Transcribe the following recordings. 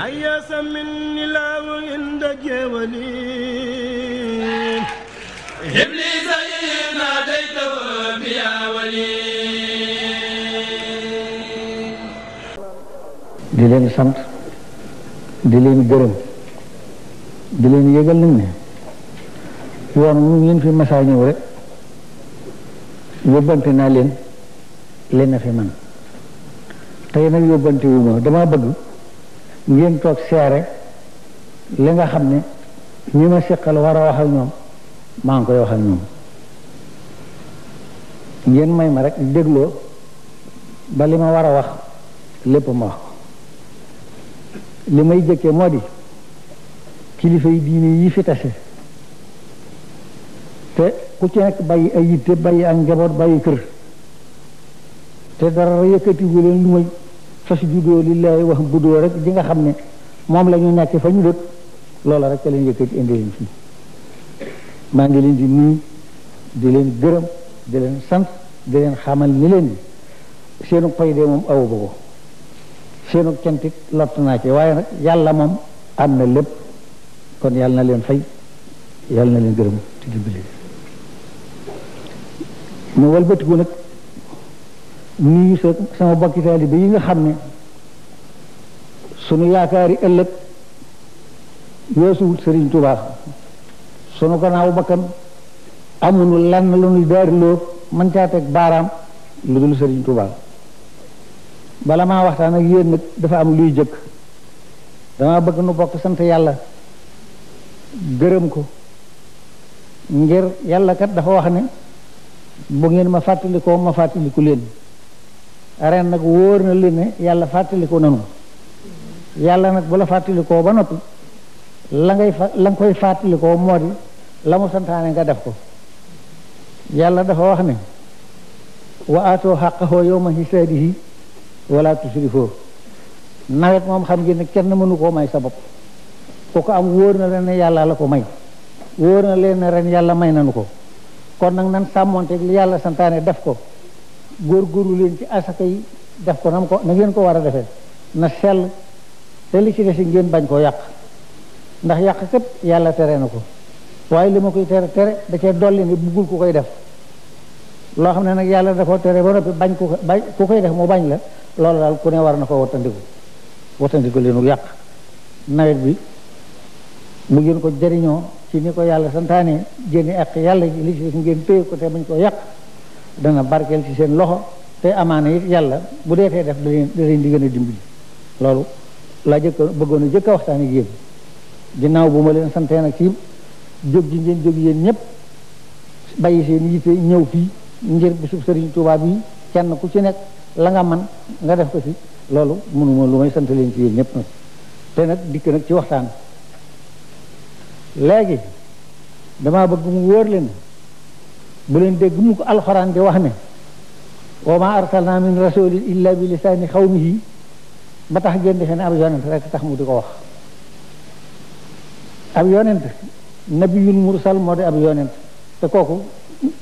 أياس مني الله عند جولي هبلي زين ناديته بيا di leen sant di leen gërëm di leen yëgal nag ne yoon mu ngeen leen leen a fi man tey nag yóbbante wu ma damaa bëgg ngeen toog seere li nga xam ni ñu ma siqal war a wax ñoom maa ngi koy wax ak ñoom ngeen may ma rek dégloo ba li ma war a wax lépp ma wax li may jëkke moo di kilifa yi diine yi fi tase te ku ci nekk bàyyi ay yitte bàyyi ak njaboot bàyyi kër te dara yëkkatiwu leen lu may fasjudu lillahi wax doo rek di nga xam ne moom la ñu nekk fa ñu dëkk loola rek ca leen yëkkati indi fi maa ngi leen di nuyu di leen gërëm di leen sant di leen xamal ni leen seenu pay de moom awu ko seenu cantik lott naa ci waaye nag yàlla moom am na lépp kon yàlla na leen fay yàlla na leen gërëm te dimbali mu nuyu sa sama bokki taalibe yi nga xam ne sunu yaakaari ëllëg yeesuwut Sëriñ Tuubaa sunu gannaaw bakkan amuñu lan lu ñuy daariloo man caa teg baaraam lu dul Sëriñ Tuubaa bala maa waxtaan ak yéen nag dafa am luy jëkk damaa bëgg nu bokk sant yàlla gërëm ko ngir yàlla kat dafa wax ne bu ngeen ma fàttalikoo ma fàttaliku leen ren nag wóor na leen ne yàlla fàttaliku nanu yàlla nag bu la fàttalikoo ba noppi la ngay fa la nga koy fàttalikoo moo di la mu santaane nga def ko yàlla dafa wax ne wa aatoo xaqahoo yow ma hisaadihi wala tusrifoo nawet moom xam ngeen ne kenn mënu koo may sa bopp ku ko am wóor na leen ne yàlla la ko may wóor na leen ne ren yàlla may nanu ko kon nag nan sàmmonteeg li yàlla santaane def ko góor góorgóorlu leen ci asaka yi def ko nam ko na ngeen ko war a defee na sell te li ci desi ngeen bañ koo yàq ndax yàq kat yàlla tere na ko waaye li ma koy tere tere da cee dolli ni buggul ku koy def loo xam ne yàlla da koo tere ba noppi bañ ku bañ ku koy def mu bañ la lool daal ku ne war na ko wattandiku wattandiku leenu yàq nawet bi mu ngeen ko jariñoo ci ni ko yàlla santaane génn ak yàlla li ci desi ngeen téye ko te bañ koo yàq dana barkeel ci seen loxo te amaana it yàlla bu dee tee def da leen di gën a dimbali loolu laa jëkk bëggoon a jëkk waxtaan ak yéen ginnaaw bu ma leen santee nag ci jóg ji ngeen jóg yéen ñëpp bàyyi seen yitte ñëw fii ngir bisub sëriñ Tuubaa bi kenn ku ci nekk la nga man nga def ko ci loolu mënuma lu may sant leen ci yéen ñëpp nag te nag dikk nag ci waxtaan léegi damaa bëgg mu wóor leen bu leen dégg mu ko alxuraan di wax ni wa ma arsalna min rasulin illa bi lisaani xawmihi ba tax ngeen defe ne ab yonent rek tax mu di ko wax ab yonent nabiyul mursal moo di ab te kooku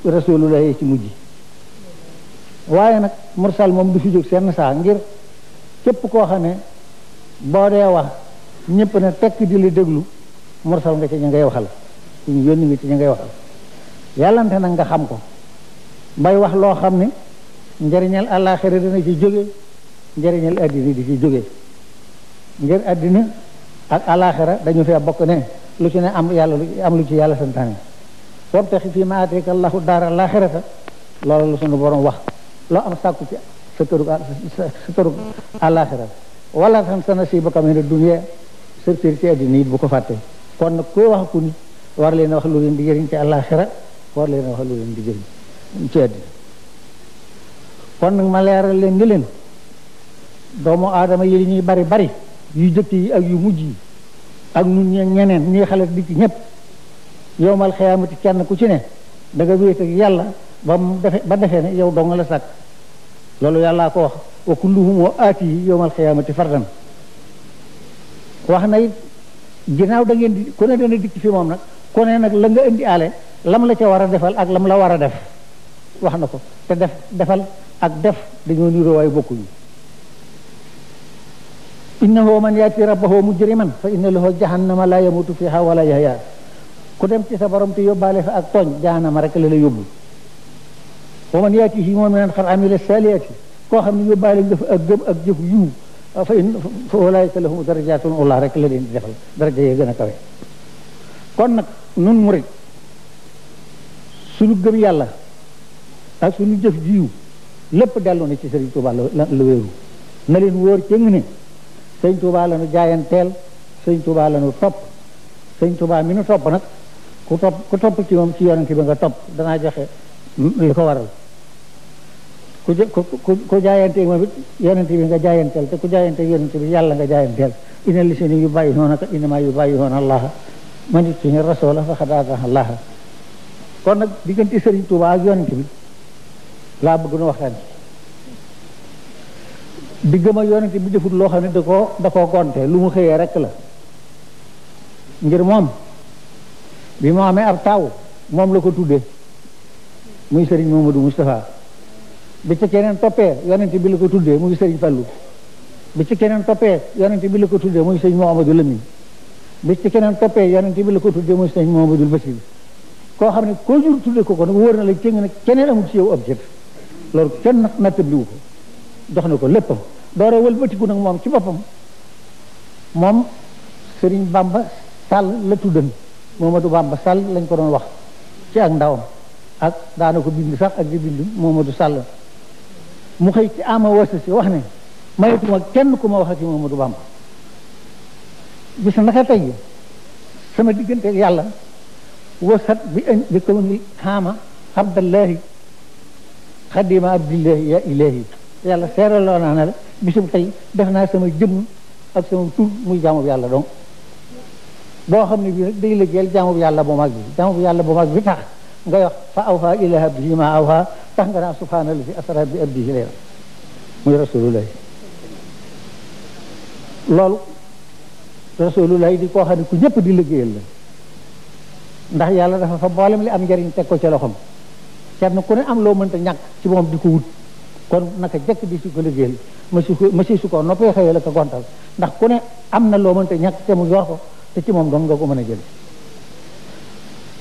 rasulullah ci mujj waaye nag mursal moom du fi jóg seen saa ngir képp koo xam ne boo dee wax ñëpp ne tekk di la déglu mursal nga ci ña ngay waxal ñu yónni nga ci ña ngay waxal yàllante nag nga xam ko mbay wax loo xam ne njëriñal àllaaxira dina ci jóge njëriñal àddina di ci jóge ngir àddina ak àllaaxira dañu fee bokk ne lu ci ne am yàlla am lu ci yàlla santaane wabtaxi fii maa aataaka allahu daara laaxirata loolu suñu borom wax loo am sàkku ci sa kërug sa kërug àllaaxira wala tan sa nasiibaka mina dunya surtout ci àddina it bu ko fàtte kon nag koo wax ku ni war leen wax lu leen di jëriñ ci àllaaxira war leen a wax lu leen di jëriñ ci àddina kon nag ma leeral leen ni leen doomu aadama yi li ñuy bari bari yu jëkk yi ak yu mujj yi ak nun ñe ñeneen ñuy xale di ci ñëpp yowmal xiyaamati kenn ku ci ne da nga wéet ak yàlla ba mu defe defee ne yow dong la sàkk loolu yàllaa ko wax wa kulluhum wa aati yi yowmal xiyaamati fardan wax na it ginnaaw da ngeen di ku ne dana dikk fi moom nag ku ne nag la nga indi ale lam la ca war a defal ak lam la war a def wax na ko te def defal ak def dañoo niroo waaye bokkuñu innahu man yaati rabbahu mujriman fa inna lahu jahannama la yamutu fiha wala yahya ku dem ci sa borom te yóbbaale fa ak tooñ jahannama rek la la yóbbu wa man yaatihi mu'minan qad amila saalihaati koo xam ne yóbbaale nga fa ak gëm yu jëf yiw fa in fa ulaa'ika lahum darajatun ulaa rek la di defal daraja yi gën a kawe kon nag nun murit suñu gëm yàlla ak sunu jëf jiw lépp dellu na ci sëriñ Touba la wéeru na leen wóor cëng ni sëñ Touba la nu jaayanteel sëñ Touba la nu topp sëñ Touba mi nu topp nag ku topp ku topp ci moom ci yonente bi nga topp danaa joxe li ko waral ku ku jaayante moom it yonente bi nga jaayanteel te ku jaayante yonente bi yàlla nga jaayanteel ina lisini yu bàyyi noona ka inama yu bàyyi noona allaha ma it ci ni rasoola fa xadaataha allaha kon nag diggante sëriñ Touba ak bi laa bëgg nu waxtaan ci diggam ak yonent bi defut loo xam ne da ko da ko gonte lu mu xëyee rek la ngir moom bi mu amee ab taw moom la ko tuddee muy Serigne Mamadou Moustapha bi ci keneen toppee yonent bi la ko tuddee muy Serigne Fallou bi ci keneen toppee yonent bi la ko tuddee muy Serigne Mouhamadou Lamine bi ci keneen toppee yonent bi la ko tuddee muy Serigne Mouhamadou Bassirou koo xam ne koo jur tudde ko ko nag wóor na la cëng nag keneen amul si yow objet loolu kenn nattabliwu ko jox na ko léppam doore wëlbatiku nag moom ci boppam moom Sëriñ Bamba Sall la tuddan Momadou Bamba Sall lañ ko doon wax ci ak ndaw ak daana ko bind sax ak di bind Momadou Sall mu xëy ci ama wasa si wax ne mayetuma kenn ku ma wax ak Momadou Bamba bis naka tey sama diggante ak yàlla وصف بكون حامة عبد الله xaddima abdillahi ya ilahi yàlla seeral loo naa ne la bisum tey def naa sama jëmm ak sama tur muy jaamub yàlla donc boo xam ne bii nag day lëggeel jaamub yàlla bu mag bi jaamub yàlla bu mag bi tax nga wax fa awha ila abdihi ma awha tax nga naa subhaanallah asra bi abdihi lay muy rasulullah loolu rasulullah di koo xam ne ku ñëpp di lëggeel la ndax yàlla dafa fa mboolem li am njariñ teg ko ci loxoom kenn ku ne am loo mënta ñàkk ci moom di ko wut kon naka jëkk di su ko liggéeyal masi masi su ko noppee xëyee la ko gontal ndax ku ne am na loo mënta ñàkk te mu yor ko te ci moom doon nga ko mën a jël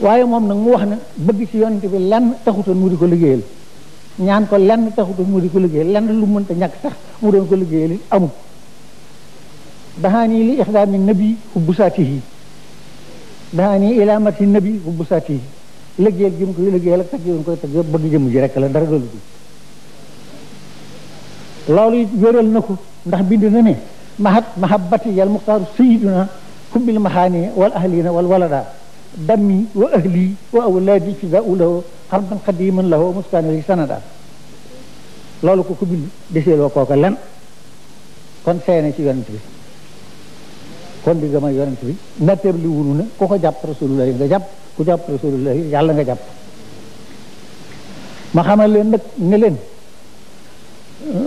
waaye moom nag mu wax na bëgg ci yonent bi lenn taxutoon mu di ko liggéeyal ñaan ko lenn taxutoon mu di ko liggéeyal lenn lu mënta ñàkk tax mu doon ko liggéeyal amul daxaa nii li ixdaami nabi hubbu daa ni ilaa mati nabi hubbu saati liggéeyal gi mu koy liggéeyal ak tagg loolu it wéral na ko ndax bind na ne mahat mahabbati yal muxtaaru sayiduna hubbil maxaani wal ahlina wal walada dammi wa ahli wa awlaadi fida u lawo xarban xadiman lawo muskaani li sanada loolu ko ko bind deseeloo kooka lan kon seene ci yonent bi kon di gëm a yonent bi natteeb li wunu ne ko ko jàpp rasulullahi nga jàpp ku jàpp rasulullahi yàlla nga jàpp ma xamal leen nag ne leen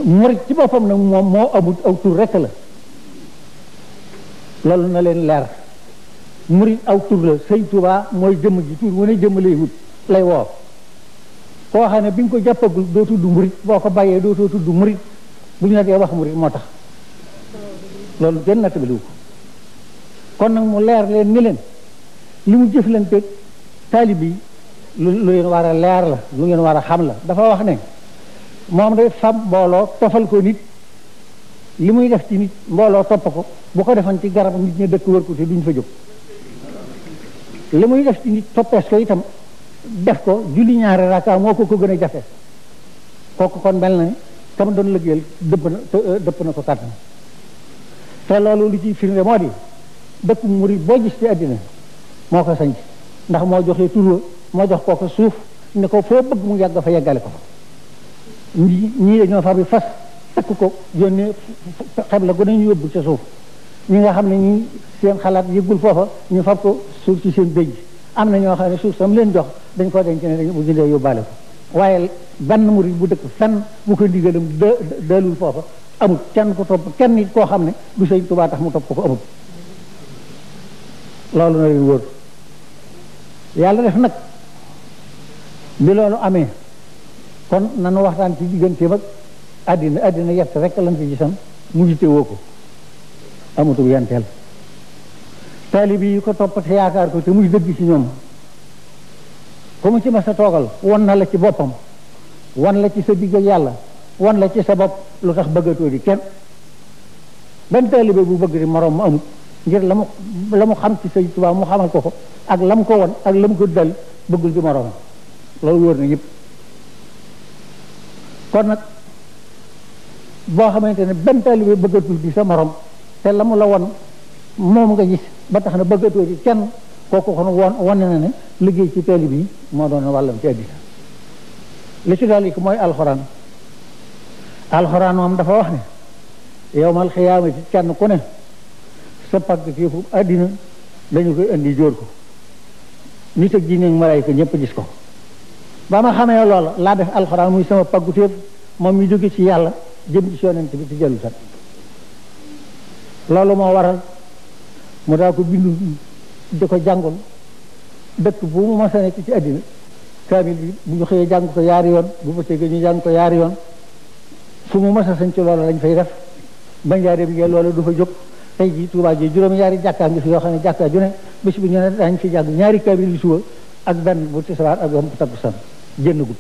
murit ci boppam nag moom moo amut aw tur rekk la loolu na leen leer murit aw tur la sëñ Tuubaa mooy jëmm ji tur wu ne jëmm lay wut lay woo koo xam ne bi nga ko jàppagul doo tudd murit boo ko bàyyee doo tudd murit bu ñu la dee wax murit moo tax loolu benn nattabiliwu ko kon nag mu leer leen ni leen li mu jëflanteeg taalib yi lu lu leen war a leer la lu ngeen war a xam la dafa wax ne moom de fam mbooloo tofal ko nit li muy def ci nit mbooloo topp ko bu ko defoon ci garab nit ñi dëkk wër ko te duñ fa jóg li muy def ci nit def ko julli ñaari raka moo ko ko gën a jafe kooku kon mel na ne kam doon liggéeyal dëpp na dëpp na ko kàttan te loolu lu ci firnde moo di dëkk murid boo gis ci àddina moo ko sanc ndax moo joxee tur moo jox kooku suuf ne ko foo bëgg mu yàgg fa yàggale ko fa ñii dañoo far yi fas takk ko yónnee xeb la gu nañu yóbbu ca suuf ñi nga xam ne ñi seen xalaat yëggul foofa ñu far ko suuf ci seen dëj am na ñoo xam ne suuf sam leen jox dañ ko denc ne dañ bu jëlee yóbbaale ko waaye benn murid bu dëkk fenn bu ko ndigalam dëlul foofa amul kenn ko topp kenn nit koo xam ne du sëñ Tuubaa tax mu topp ko fa amul loolu na leen wër yàlla def nag bi loolu amee kon nanu waxtaan ci diggante mag àddina àddina yett rekk lan ci gisan mujjite woo ko amatu yenteel taalibi yi ko topp te yaakaar ko te muy dëgg ci ñoom ku mu ci ma sa toogal won na la ci boppam wan la ci sa digg ak yàlla wan la ci sa bopp lu tax bëggatoo di kenn benn taalibe bu bëgg di moroom ma amut ngir la mu la mu xam ci sëñ Tuubaa mu xamal ko ko ak la mu ko won ak la mu ko dal bëggul ci moroomam loolu wóor na ñëpp kon nag boo xamante ne benn taalibe bëggatul di sa morom te la mu la won moom nga gis ba tax na bëggatoo ci kenn kooku kon won wane na ne liggéey ci taalibe yi moo doon wàllam ci àddina li mooy alxuraan alxuraan moom dafa wax ne yowmal xiyaama ci ku ne sa pàgg fiifu àddina dañu koy indi jóor ko nit ak jinne ak malaayka ñëpp gis ko ba ma xamee loola laa def alxuraan muy sama pàggu téef moom mi jóge ci yàlla jëm ci yonent bi ci jëlu sat loolu moo waral mu daa ko bindu di ko jàngul dëkk bu mu masa nekk ci àddina kaamil bi bu ñu xëyee jàng ko yaari yoon bu bëccëgee ñu jàng ko yaari yoon fu mu masa sañ ci loola lañ fay def banjaare bi ngeen loola du fa jóg tey jii Tuubaa ji juróom-ñaari jàkkaa ngi fi yoo xam ne jàkkaa ju ne bés bu ñu ne daañu fi jàng ñaari kaamil lu suba ak benn bu tisbaar ak benn bu takkusaan jën gu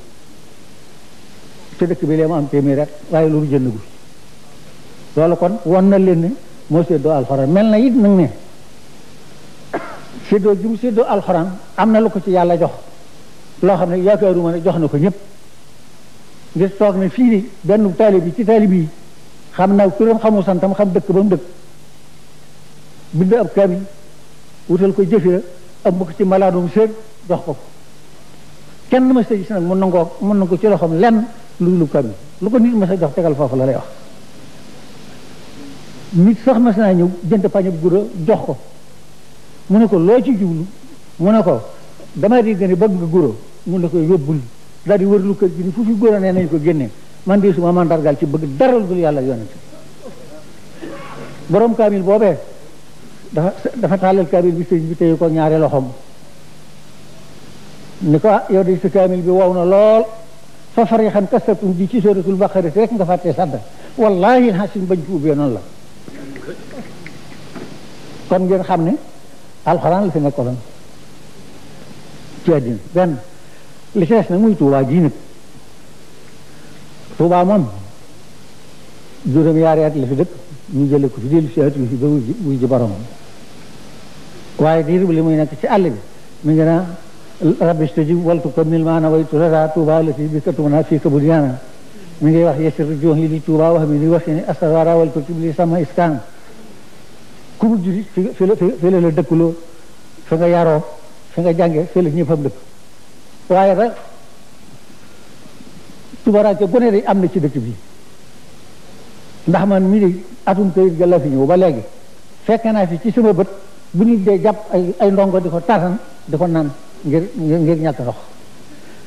te dëkk bi lee mu am téeméer rek waaye loolu jënd gu loolu kon won na leen ne moo seddoo alxuraan mel na it nag ne séddoo jum séddoo alxuraan am na lu ko ci yàlla jox loo xam ne yaakaaruma ne jox na ko ñëpp ngir toog ne fii ni benn taalib bi ci taalib yi xam na turam xamul santam xam dëkk ba mu bind ab kaamil wutal ko jëfee am ko ci malaadum seet jox ko kenn ma sa gis nag mën na ko mën na ko ci loxoom lenn lu lu kaamil lu ko nit ma sa jox tegal foofu la lay wax nit sax mas naa ñëw jënd pañe bu gura jox ko mu ne ko loo ci jublu mu ne ko dama di gën a bëgg nga guro mu ne ko yóbbul daal di wërlu kër gi ni fu fi guro nee nañ ko génne man di suma mandargal ci bëgg daral dul yàlla yonent borom kaamil boobee dafa dafa tàllal bi sëñ bi téye ko ñaari loxoom ni ko ah, yow de kaamil bi wow na lool fa farixan kasabtum bi ci suratul baqara rek nga fàttee sadda wallahi xasin bañ ko ubbee kon ngeen xam ni alxaraan la fi nekkoon ci àddina benn li ci des na muy tuubaa ji nag tuubaa moom juróom at la fi dëkk ñu jële ko fi dellu si at yi fi ba wuy waaye diir bi li muy nekk ci àll bi mu ngi naa rabbi stajib waltu ko mil maana waytu lada tuuba la si bi ka tuuna fii ka budyaana mi ngi wax yesir jox yi li tuuba wax mi di wax ni asawara waltu tibli sama iskaan ku mu juri fi la la dëkkuloo fi nga yaroo fi nga jànge fi la ñëppam dëkk waaye rek tubaranke gone day am na ci dëkk bi ndax man mi di atum kayit ga la fi ñëw ba léegi fekk naa fi ci sama bët bu nit dee jàpp ay ay ndongo di ko taatan di ko naan ngir ngir ñàkk ndox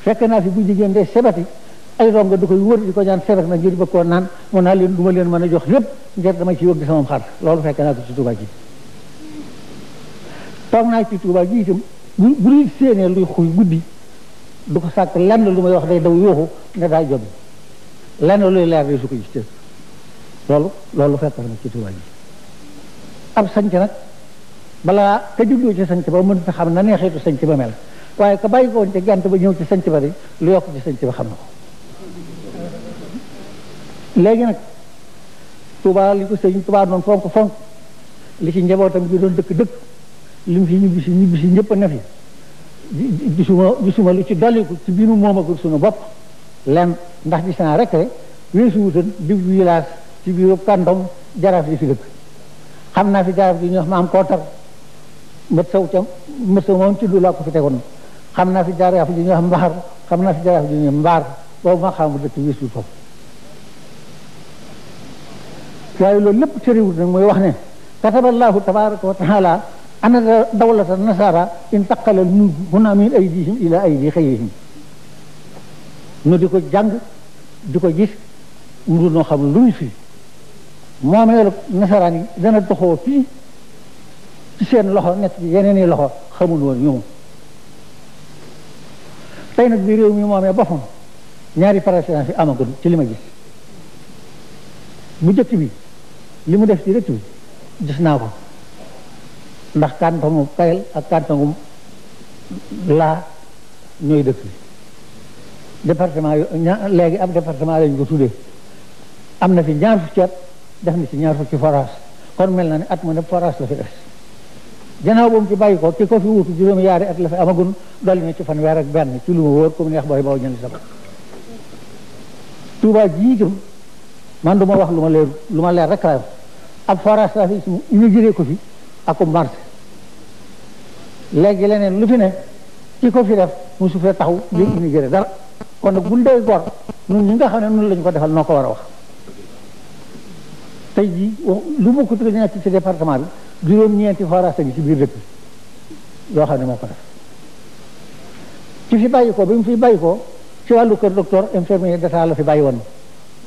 fekk naa fi bu jigéen dee sebati ay ndongo di koy wër di ko ñaan sebat na ngir bëgg koo naan mun naa leen du ma leen mën a jox lépp ngir dama ci wëgg sama xar loolu fekk naa ko ci Tuuba toog naa ci Tuuba ji itam bu bu luy xuy guddi du ko sàkk lenn lu may wax day daw yooxu ne daa jom lenn luy leer day loolu loolu fekk na ci Tuuba ji ab sanc nag bala ka juddoo ci sanc ba mënut xam na neexitu sanc ba mel waaye ka bàyyi ko woon ci gent ba ñëw ci sanc ba di lu yokk ci sanc xam na ko léegi nag Tuubaa li ko sëñ Tuubaa doon fonk fonk li ci njabootam gi doon dëkk dëkk li mu fi ñibbi si ñibbi ñëpp ne fi gisuma gisuma ci dolliku ci biiru moom ak suñu bopp lenn ndax gis naa rek weesu wutan di village ci biiru kàndom jaraaf yi fi dëkk xam naa fi jaraaf yi ñoo xam am koo tar mbët sow ca mbët sow moom ci lu laa ko fi tegoon xam naa fi jaar yaa fi ju ñu wax mbaar xam naa fi jaar yaa fi ju ñu mbaar boobu ma xamu dëkk wiisul foofu waaye loolu lépp tëriwul nag mooy wax ne kataballahu tabaraka wa taala ana dawlata nasara in taqalal nu huna min aydihim ila aydi xëyihim nu di ko jàng di ko gis mu dul noo xam lu ñu fii moomeelu nasaraan yi dana doxoo fii ci seen loxo nekk yeneen i loxo xamul woon ñoom tey nag bi réew mi moomee boppam ñaari président fi amagul ci li ma gis bu jëkk bi li mu def ci dëkk bi gis naa ko ndax kàntongu kayel ak kàntongu laa ñooy dëkk bi département yu léegi am département lañu ko tuddee am na fi ñaar fukki at def na si ñaar ci forage kon mel na ne at mu ne forage la fi def ginnaaw boobu ci bàyyi ko ki ko fi wuutu juróomi yaari at la fi amagun dolli na ci fanweer ak benn ci lu ma wóor comme neex booy baw ñëli sama Touba jiitam man du ma wax lu ma leer lu ma leer rek ab forage la fi inauguré ko fi ak um marché léegi leneen lu fi ne ki ko fi def mu su fee taxaw léegi mm. inauguré dara kon nag buñ dee gor ñun ñi nga xam ne noonu la ñu ko defal noo ko war a wax tey jii lu mu ko tudd ci département bi juróom-ñeenti forage ngi ci biir dëkk yoo xam ne moo ko ci fi bàyyi ko bi mu fi bàyyi ko ci wàllu kër docteur infirmier d'état la fi bàyyi woon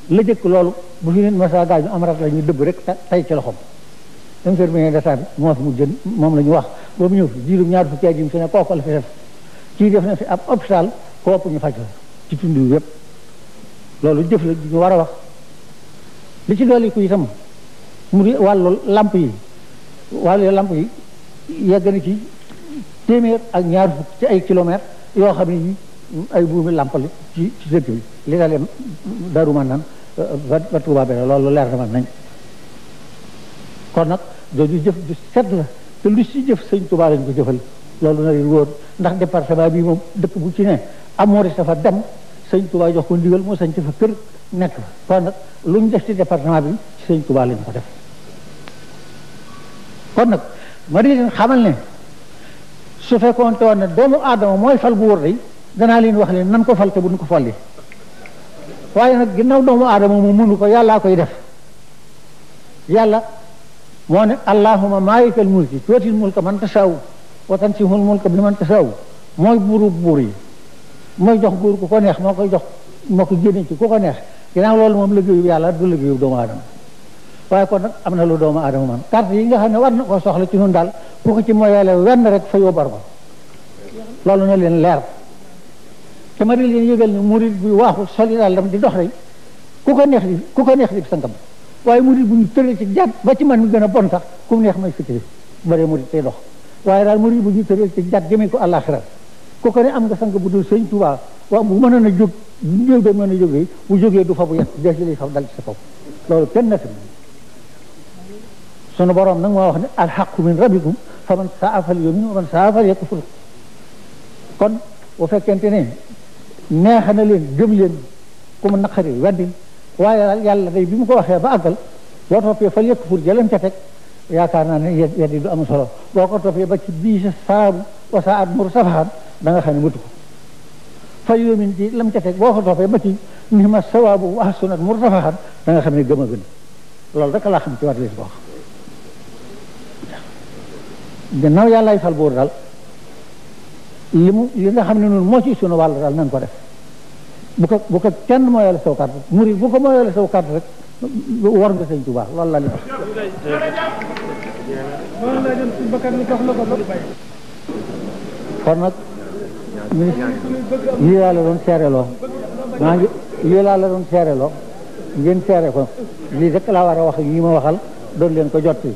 la jëkk loolu bu fi neen masa gaañu am rat la ñu dëbb rek tey ci loxoom infirmier moo fi mu jën moom la ñu wax ba mu ñëw fi jiirum ñaar fukki at kii def na fi ab hôpital kooku ñu faj ci tund wi yëpp loolu jëf a wax li ci dolli ku itam mu wàllu lamp yi wàllu lamp yi yegg na ci téeméer ak ñaar fukk ci ay kilomètres yoo xam ne ay buumi lamp la ci ci dëkk bi li dalee daru Manaan euh, ba ba Tuubaa bi loolu leer na man nañ kon nag jooju jëf ju set la te lu si jëf sëñ Tuubaa lañ ko jëfal loolu na leen wóor ndax département bi moom dëkk bu ci ne amori sa fa dem sëñ Tuubaa jox ko ndigal moo sañ ci fa nekk fa kon lu ñu def ci département bi sëñ Tuubaa lañ ko def kon nag ma di leen xamal ne su fekkoon te woon ne doomu aadama mooy fal buur di danaa leen wax leen nan ko fal te buñ ko folli waaye nag ginnaaw doomu aadama mu mënu ko yàllaa koy def yàlla moo ne allahuma maalikal mulki tuutil mulka man tasaaw wa tansihul mulka bi man tasaaw mooy buuru buur yi mooy jox buur ku ko neex moo koy jox moo ko génne ci ku ko neex ginnaaw loolu moom liggéeyu yàlla du liggéeyu doomu aadama waaye kon nag am na lu doomu aadama man carte yi nga xam ne war na koo soxla ci nun daal bu ko ci moyeele wenn rek fa yóbbar ko loolu na leen leer te ma di leen yëgal ni murid bi waaxu soli daal dam di dox rek ku ko neex di ku ko neex di sangam waaye murid bu ñu tëral ci ba ci man mi gën a bon neex may fi kilif bare murid dox waaye daal murid bu ñu tëral ci jàpp jëmee ko àllaaxira ku ko ne am nga sang bu dul sëñ Tuubaa waaw bu mënoon a jóg bu jógee mën a jógee bu jógee du fa bu yàq des dal ci sa kaw loolu kenn na sunu boroom nag moo wax ne alxaqu min rabbikum fa man saa fal yumin wa man saa fal yakfur kon bu fekkente ne neexa na leen gëm leen ku mu naqari weddin waaye yàlla day bi mu ko waxee ba àggal boo toppee fal yakfur jëlan ca teg yaakaar naa ne weddi du am solo boo ko toppee ba ci bii sa saabu wa sa at mur safaan da nga xam ne mutu ko fal yumin ji lam ca teg boo ko toppee ba ci ni ma sawaabu wa ahsunat mur safaan da nga xam ne gëm a gën loolu rek laa xam ci war lees ko wax yàlla yàllaay fal buur daal li mu li nga xam ne noonu moo ci sunu wàll daal nañ ko def bu ko bu ko kenn moo yàlla saw carte murid bu ko moo yàlla saw carte rek war nga sëñ Tuubaa loolu la kon nag lii laa la doon seereloo maa ngi lii laa ngeen seere ko lii rek laa war a wax yi ma waxal doon leen ko jot di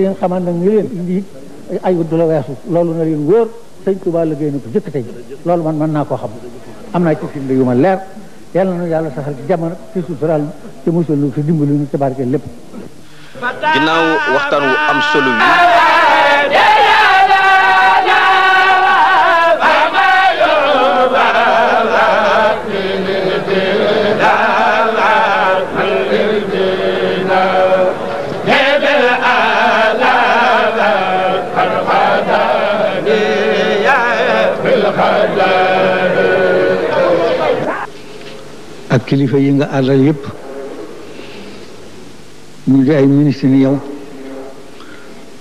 ngeen xamal nag ñu leen indi a du la weesu loolu na leen wóor sëñ Tuubaa liggéey na ko jëkk tey loolu man mën naa koo xam am naa ci firnde yu ma leer yàlla na yàlla saxal ci jamono ci sutural ci musul nu ci dimbali nu ci barke lépp ginnaaw waxtaan am solo wi ak kilifa yi nga àllal yépp ñu di ay ministre ni yow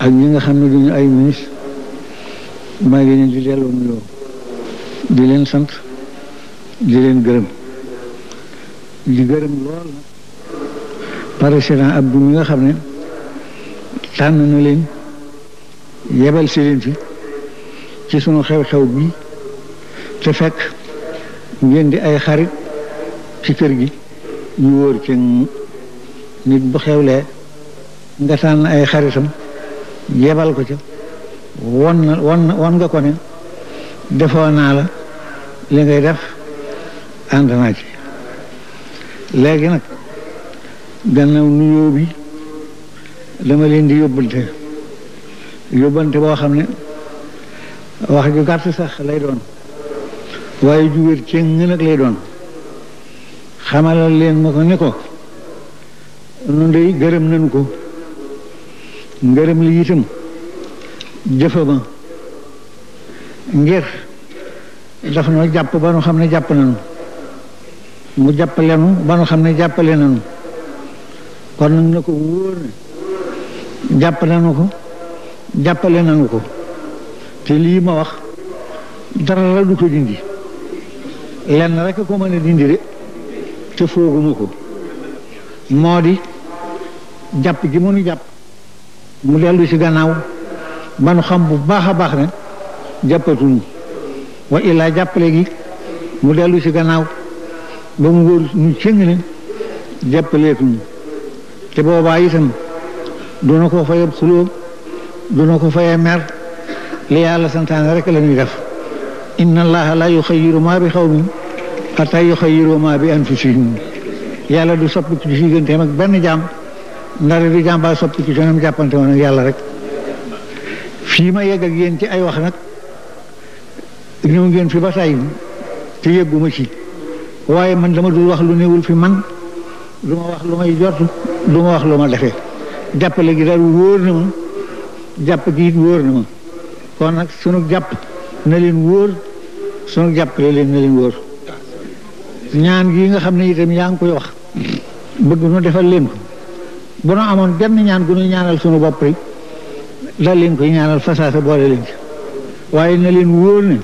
ak ñi nga xam ne duñu ay ministre maa ngi leen di delloo nuyoo di leen sant di leen gërëm di gërëm lool président Abdou mi nga xam ne tànn na leen yebal si leen fi ci sunu xew-xew bi ci fekk ngeen di ay xarit ci kër gi ñu wóor ci nit bu xewlee nga tànn ay xaritam yebal ko ca won na won nga ko ne defoo naa la li ngay def ànd naa léegi nag gannaaw nuyoo bi dama leen di yóbbante yóbbante boo xam ne wax ju gàtt sax lay doon waaye ju wér ceng nag lay doon xamalal leen ma ko ne ko nun dey gërëm nañu ko ngërëm li itam jëfa ngir daf noo jàpp ba nu xam ne jàpp nañu mu jàppale nu ba nu xam ne jàppale nañu kon nag ko wóor ne jàpp nañu ko jàppale nañu ko te lii ma wax dara du ko dindi lenn rek ko mën dindi de te fooguma ko moo di jàpp gi mënu jàpp mu dellu ci gannaaw ba nu xam bu baax a baax ne jàppatuñu wa illaa jàppale gi mu dellu ci gannaaw ba mu wóor ñu cëng ne jàppaleetuñu te boobaa itam na ko fayab xuloo na ko fayee mer li yàlla santaane rek la ñuy def inna allaha la yuxayiru ma bi xawmin xataa yuxayyiru maa bi anfusihim yàlla du soppiku ci digganteem ak benn jaam ndara du jaam baa soppiku ci ñoom jàppante woon ak yàlla rek fii ma yegg ak yéen ci ay wax nag ñëw ngeen fi ba tàyyi te yëgguma ci waaye man dama dul wax lu newul fi man lu wax lu may jot lu wax lu ma defee jàppale gi daal wóor na ma jàpp gi it wóor na ma kon nag sunu jàpp na leen wóor sunu jàppale leen na leen wóor ñaan gi nga xam ne itam yaa ngi koy wax bëgg nu defal leen ko bu nu amoon benn ñaan gu nu ñaanal sunu bopp rek dal leen koy ñaanal fasaasa boole leen ci waaye na leen wóor ne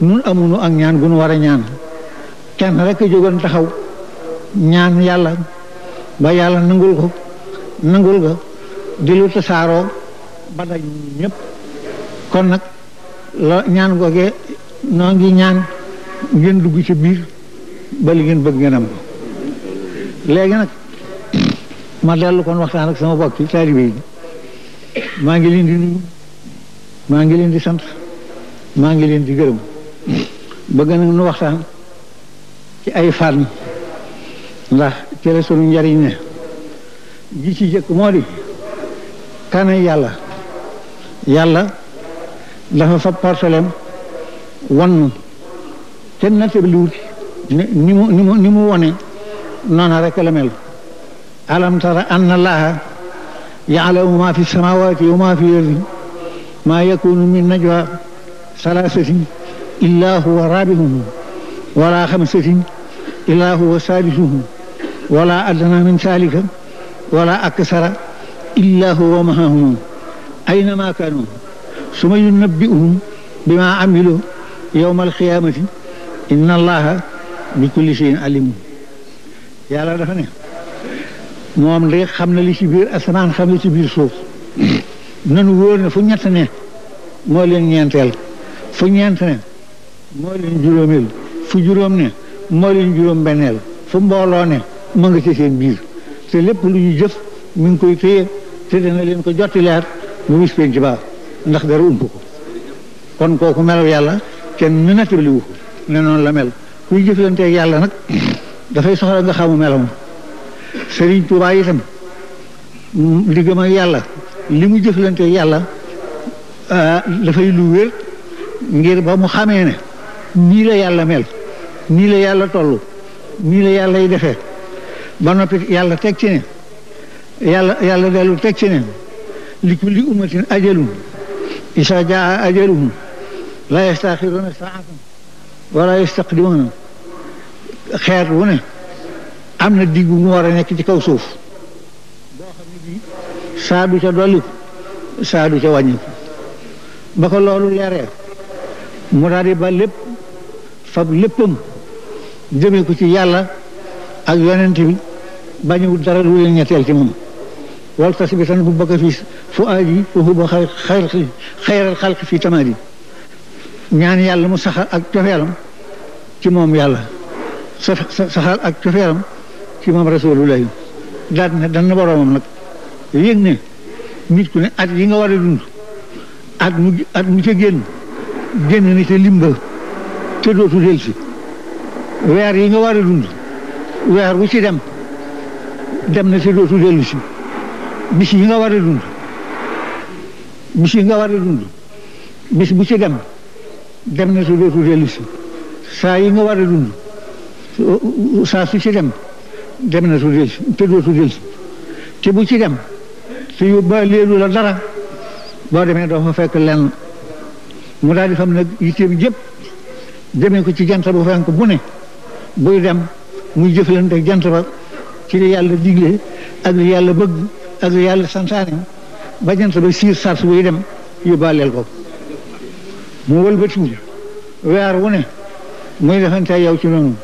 nun amunu ak ñaan gu nu war a ñaan kenn rek a taxaw ñaan yàlla ba yàlla nangul ko nangul ga di lu tasaaroo ba daj ñëpp kon nag la ñaan googee noo ngi ñaan ngeen dugg ci biir ba li ngeen bëgg ngeen am ko léegi nag ma dellu kon waxtaan ak sama bokk ci taalibe yi maa ngi leen di nuyu maa ngi leen di sant maa ngi leen di gërëm bëgg nag nu waxtaan ci ay fànn ndax ci la sunu njariñ ne ji ci jëkk moo di kan yàlla yàlla dafa fab porteleem wannu kenn na tëb liwuti ni ni mu ni mu ni mu wone noona rek la mel alam tara anna allaha ya'lamu ma fi samawati wa ma fi ardi ma yakunu min najwa salasatin illa huwa rabi'uhum wala xamsatin illa huwa sadisuhum wala adna min salika wala aksara illa huwa mahahum aynama kanu suma yunabbi'uhum bima amilu yawma alqiyamati inna allaha bi kulli shay'in alim yàlla dafa ne moom de xam na li ci biir asamaan xam li ci biir suuf nanu wóor ne fu ñett ne moo leen ñeenteel fu ñeent ne moo leen juróomeel fu juróom ne moo leen juróom benneel fu mbooloo ne mu nga ci seen biir te lépp lu ñu jëf mi ngi koy téye te dana leen ko jottilaat bu bis penc ba ndax dara ump ko kon kooku melaw yàlla kenn nu nattaliwu ko ne noonu la mel kuy jëflanteeg yàlla nag dafay soxla nga xamu melam Serigne Touba itam diggam ak yàlla li mu jëflanteeg yàlla ah, dafay lu wér ngir ba mu xamee ne nii la yàlla mel nii la yàlla toll nii la yàlla defe ba noppi yàlla teg ci ne yàlla yàlla dellu teg ci ne li kulli ummatin ajalun isa jaa ajaluhum la yastaaxiruuna saatan wala yastaqdimuuna xeer wu am na diggu mu war nekk ci kaw suuf boo ne bii saa du ca dolliku saa du ca wàññiku ba ko loolu leeree mu daal ba lépp fab léppam jëmee ko ci yàlla ak yonent bi bañu dara lu leen ñetteel ci moom wal tasbitan bu bakka fii fu aadi wa huwa xayral xalqi fii tamaadi ñaan yàlla mu saxal ak cofeelam ci moom yàlla saxal ak cofeelam ci moom rasulullahi daal ne dan na boroomam nag yëg ne nit ku ne at yi nga war a dund at mu ca génn génn na ca limba te dootu del si weer yi nga war a dund weer bu ci dem dem na te dootu dellu si bis yi nga war a dund bis yi nga war a dund bis bu ci dem dem na su dootu dellu si saa yi nga war a dund saa su ci dem dem na su dellu si te dootu te bu ci dem te yóbbaaléelu la dara boo demee doo fa fekk lenn mu daal di xam nag yitteem jëpp demee ko ci jant ba fenk bu ne buy dem muy jëf jëflante jant ba ci li yàlla digle ak li yàlla bëgg ak li yàlla santaane ba jant ba siir sars buy dem yóbbaaleel ko mu wëlbatiwu weer wu ne muy defante yow ci noonu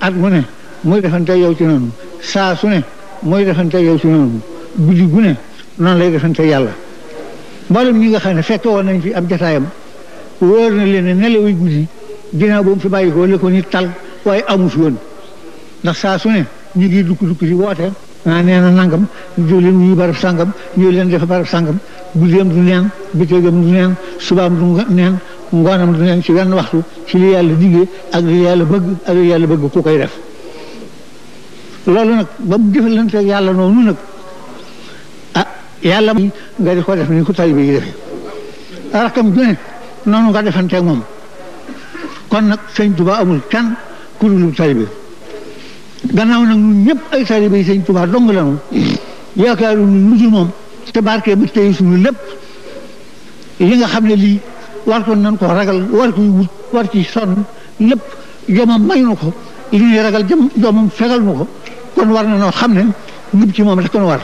at mu ne muy defante yow ci noonu saa su ne yow ci noonu guddi gu ne noonu lay defante yàlla mboolem ñi nga xam ne fekk woon nañ fi ab jataayam wóor na leen ne nelawuy guddi ginnaaw fi bàyyi ko la ko nit tal waaye amu fi woon ndax saa su ne ñu ngi dukk dukk ci woote naa ah, nee na nangam ñu leen barab sàngam ñu leen def barab sàngam guddeem du neen bëccëgam du neen subaam du neen ngoonam du neen ci wenn waxtu ci li yàlla diggee ak li yàlla bëgg ak li yàlla bëgg ku koy def loolu nag ba mu jëfalanteeg yàlla noonu nag ah yàlla nga di ko def ni ku talibe yi defee rakam jone noonu nga defanteeg moom kon nag sëñ Tuba amul kenn ku dul talibe gannaaw nag ñun ñëpp ay talibe yi Tuba dong lanu yaakaaru lu dul moom te barke bi tey suñu lépp li nga xam ne lii war ko nañ ko ragal war koy wut war ci sonn lépp jomam may nu ko li ñuy ragal jëm jomam fegal kon war na noo xam ne ñib ci moom rek kon war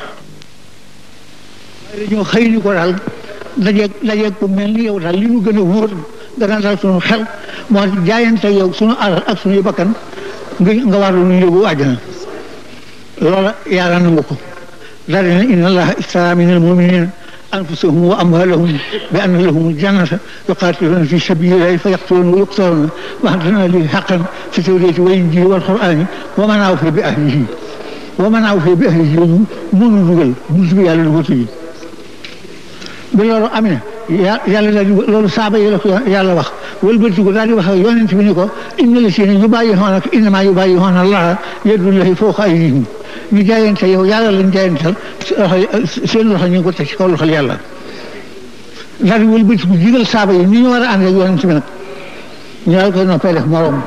waaye dañoo xëy ko daal dajeeg dajeeg ku mel ni yow daal li gën a wóor dana daal suñu xel moo jaayante yow suñu alal ak suñuy bakkan nga nga war lu ñu yóbbu àjjana loola yàlla nangu ko daal dina inna allaha istara min al أنفسهم وأموالهم بأن لهم الجنة يقاتلون في سبيل الله فيقتلون ويقتلون وأعطنا لي حقا في التوراة والإنجيل والقرآن ومن أوفى بأهله ومن أوفى بأهله mënu dugal buntu bi yàlla dugal tëj ba loolu am na yàlla daal di loolu saaba yi la ko yàlla wax wëlbati ko daal di wax ak yonent bi ni ko inna la si ne yu bàyyi xoon ak innamaa yu bàyyi xoon allaha yadullahi fawqa aydihim ñu jaayante yow yàlla lañ jaayante seen loxo ñu ngi ko teg ci kaw loxol yàlla daal di wëlbatiku digal saaba yi ni ñu war a ànd ak yonent bi nag ñaar ko noppee def morom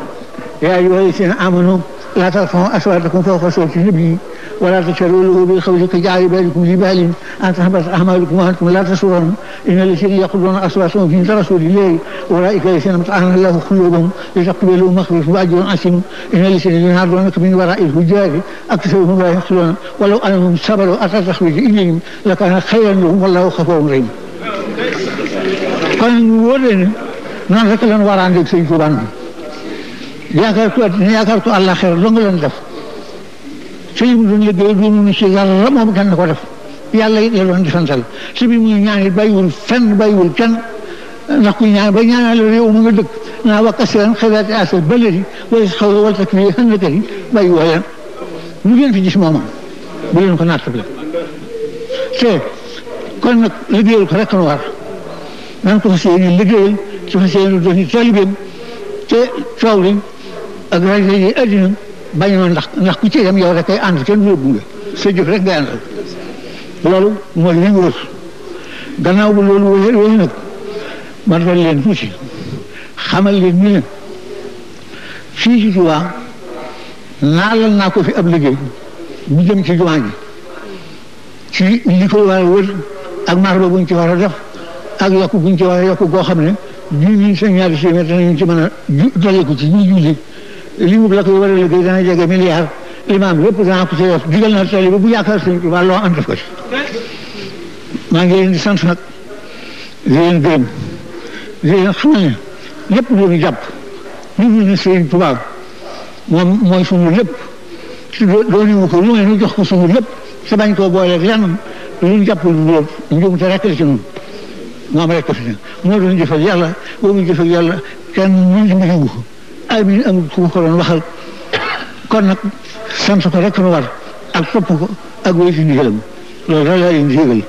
yaa ayyuhaa llaziina aamanuu لا ترفعوا أصواتكم فوق صوت النبي ولا تجهروا له بالقول كجعل بينكم جبال أن تحبط أعمالكم وأنتم لا تشعرون إن الذين يقولون أصواتهم عند رسول الله أولئك الذين امتحن الله قلوبهم لتقبلوا مخلص وأجر عسيم إن الذين ينهضونك من وراء الفجار أكثرهم لا يعقلون ولو أنهم صبروا أتى تخرج إليهم لكان خيرا لهم والله غفور رحيم kon wóor leen noonu rek lan war a ànd ak Sëñ Tuubaa yaakaar ko àddina yaakaar ko àllaaxira dong leen def sëñ bi doon liggéey doonu ci dara moom kenn ko def yàlla it la doon di santal si bi muy ñaan it bàyyiwul fenn bàyyiwul kenn ndax ku ñaan ba ñaanal réew mu nga dëkk naa wax asiran xalaat asal baladi way xaw wal tak fi xënnaka yi bàyyiwoo leen ñu ngeen fi gis moomam bu leen ko nattable te kon nag liggéeyal ko rek nu war nan ko fas yéene liggéeyal ci fas yéene doon taalibeem te coow li ak rajo yi addina bañ na ndax ndax ku ci yem yow rek ay ànd kenn yóbbu la sa jëf rek ngay àndal loolu mooy li wër gannaaw bu loolu wéyee wéyee nag ma doon leen tuuti xamal leen ni leen ci Tuubaa naalal naa ko fi ab liggéey bu jëm ci jumaa ji ci li ko war a wër ak marba buñ ci war a def ak yokk buñ ci war a yokk goo xam ne ñun ñun seen ñaari téeméer danañ ci mën a ci ñuy julli li mu la koy war a liggéey dana jege milliard limaam lépp dana ko ci digal na taalibe bu yaakaar sëñ Tuubaa loo am def ko ci maa ngi leen di sant nag di leen gërëm di leen xam ne lépp ngi ne sëñ Tuubaa dooni wu ko lu ñu jox ko suñu lépp ci bañ koo booleeg lenn lu ñu jàpp lu dul njuumte ci ñun moom rek ko fi moo doon jëfal yàlla boo mu jëfal yàlla kenn Aminu amul ku ma ko doon waxal kon nag sant ko rek nu war ak topp ko ak wéy fi ndigalam loolu rek laa leen di yëgal